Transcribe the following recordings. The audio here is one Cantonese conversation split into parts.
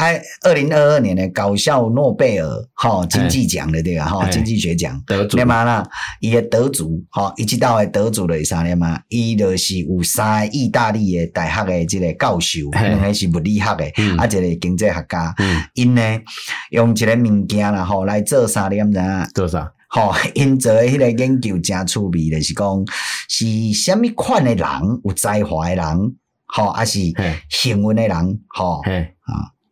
哎，二零二二年嘞搞笑諾貝爾哈經濟獎的對個哈經濟學獎，連嘛伊也得主吼，伊即搭誒得主是啥連嘛，伊就是有三個意大利嘅大學嘅即個教授，兩個、欸、是物理學嘅，啊、嗯、一個經濟學家，因、嗯、呢用一個物件啦吼來做三點人，知影做啥？好，因做迄個研究真趣味的是講是蝦米款嘅人，有才華嘅人，好、欸，還、啊、是幸運嘅人，好啊、欸。哦欸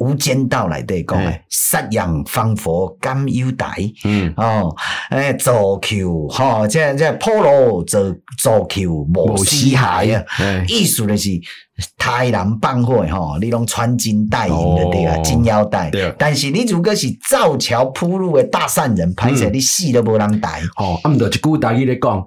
無間道嚟都講嘅，殺人放火金腰帶。嗯、哦，哦，誒，造橋，嗬，即係即係鋪路造造橋冇死下啊，嗯、意思就是，殺人放火，嗬、哦，你都穿金戴銀的對啊，哦、金腰帶，對了但是你如果是造橋鋪路的大善人，拍攝、嗯、你死都冇人帶，哦，咁就一句大意嚟講。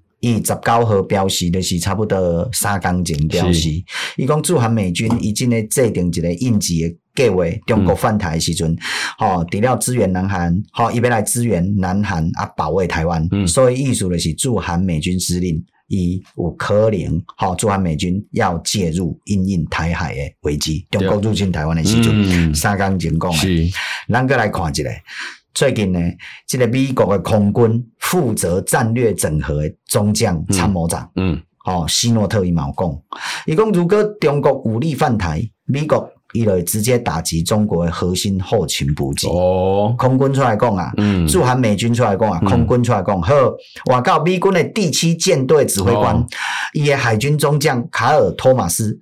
以十九號表示，就是差不多三日前表示是。伊講駐韓美軍已經咧制定一個應急嘅計劃，中國犯台時陣、嗯，除了支援南韓，好、哦、伊要來支援南韓啊，保衛台灣。嗯、所以意思就是駐韓美軍司令伊有可能，駐韓美軍要介入因應台海嘅危機，中國入侵台灣嘅時陣、嗯、三日前講啊。是咱擱來看一下。最近呢，這個美國的空軍負責戰略整合嘅中將參謀長，嗯，嗯哦，希諾特一毛講，伊講如果中國武力犯台，美國一就直接打擊中國嘅核心後勤補給。哦，空軍出來講啊，嗯，駐韓美軍出來講啊，空軍出來講呵，我告、嗯、美軍的第七艦隊指揮官，伊嘅、哦、海軍中將卡爾托馬斯。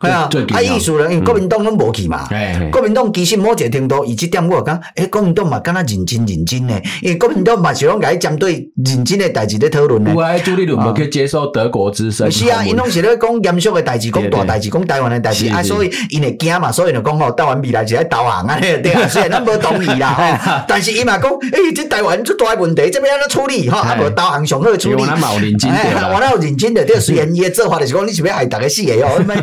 是啊，阿意思咧，因為國民黨攏無去嘛，國民黨其實某一個程度。以這點我講，誒，國民黨嘛敢那認真認真的，因為國民黨嘛是講該針對認真的代志咧討論咧。有愛處理，就毋可以接受德國之聲。是啊，因攏是咧講嚴肅的代志，講大代志，講台灣的代志，啊，所以因會驚嘛，所以就講吼，台灣未來就愛投降啊，對啊，雖然咱無同意啦，但是伊嘛講，誒，即台灣出大問題，這邊愛安怎處理，吼，哈，無投降上好處理。咱嘛有認真對我若有認真咧，即雖然伊做法就是講，你是要害逐個死的。哦，唔係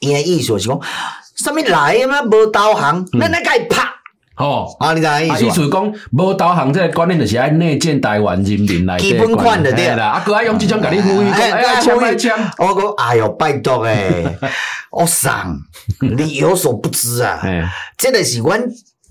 伊嘅意思是講，啥物來嘛？無導航，咱來甲伊拍。吼，啊，你知影意思啊？意思講無導航，這個觀念就是喺內建台灣人民來。基本款的對啦，啊哥還用即種給你忽悠？哎哎，槍！我講哎喲拜託誒，我上，你有所不知啊。這個是阮。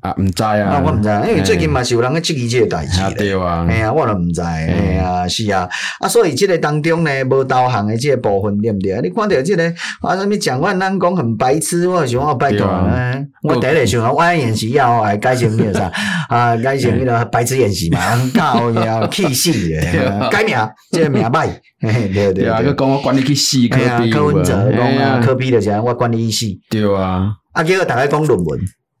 啊毋知啊，我毋知，因為最近嘛是有人嘅質疑呢個代志對啊，係啊，我都毋知。係啊，是啊。啊，所以呢個當中呢，無導航的呢個部分，對點對啊？你看到呢個，啊，什麼講話人講很白痴，我想我拜託，我第一想我演習要後，改成咩啥，啊，改成咩嘢？白痴演習嘛，搞咩啊？氣死！改名，即個名唔好。對對對，佢講我管去死，對啊。科文哲講啊，科 B 就係我管理佢事。對啊，啊叫佢打開講論文。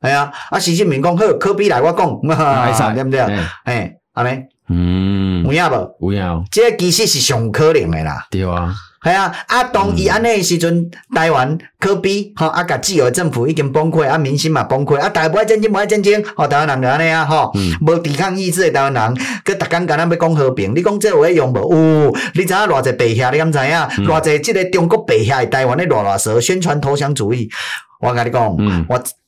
係啊，啊習近平講好，科比來我講，唔係傻，對唔對啊？誒，係嗯，有影無？有呀。即個其實是上可憐嘅啦。對啊。係、嗯、啊，啊當以安尼呢時陣，台灣科比，吼啊甲自由政府已經崩潰，啊，民心嘛崩潰，啊，大家不要戰爭不要戰爭吼、哦、台灣人著安尼啊，吼、哦，無、嗯、抵抗意志嘅台灣人，佢逐日甲咱要講和平，你講即個有用無？有、哦、你知影偌濟白血你敢知影偌濟即個中國白血喺台灣嘅，偌偌少宣傳投降主義，我甲你講，嗯、我。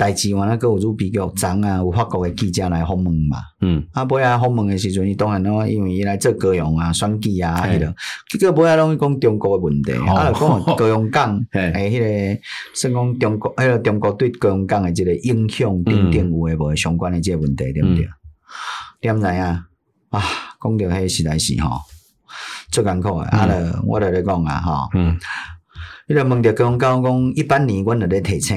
代志話那個有做比較髒啊，有法國嘅記者來訪問嘛。嗯，啊，不啊，訪問嘅時陣，當然咯，因為伊來做香港啊，選舉啊，係咯嘿。這個不啊，攏是講中國嘅問題。啊、哦，講香港，誒嘿，迄個算講中國，迄、那個中國對香港嘅一個影響，點點有誒無的相關嘅即個問題，對不對？點、嗯、知道啊？啊，講到迄實在是吼，最艱苦的、嗯、啊就，我來來講啊，吼，嗯。迄個問到講講講，一八年，阮咧咧提醒。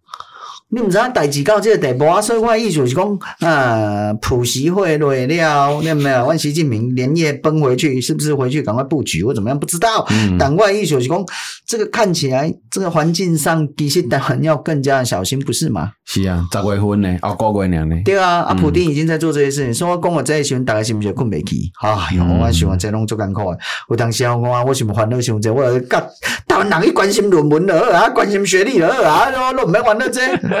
你唔知啊？代誌到這個地步啊！所以我的意思是講，呃、嗯，普習會落去了，你有沒有？我習近平連夜奔回去，是不是回去趕快布局或怎麼樣？不知道。嗯。但我的意思是講，這個看起來，這個環境上其實台灣要更加小心，不是嗎？是啊，十月份呢、啊，啊，過過年呢。對啊，阿普丁已經在做這些事情。所以我講我這一、個、群，大家是不學困不去。啊、嗯嗯，有我喜歡這弄做艱苦的。有當時我講啊，我唔要煩惱想說，我搞台灣人去關心論文了，啊，關心學歷了，啊，我都唔要煩惱這個。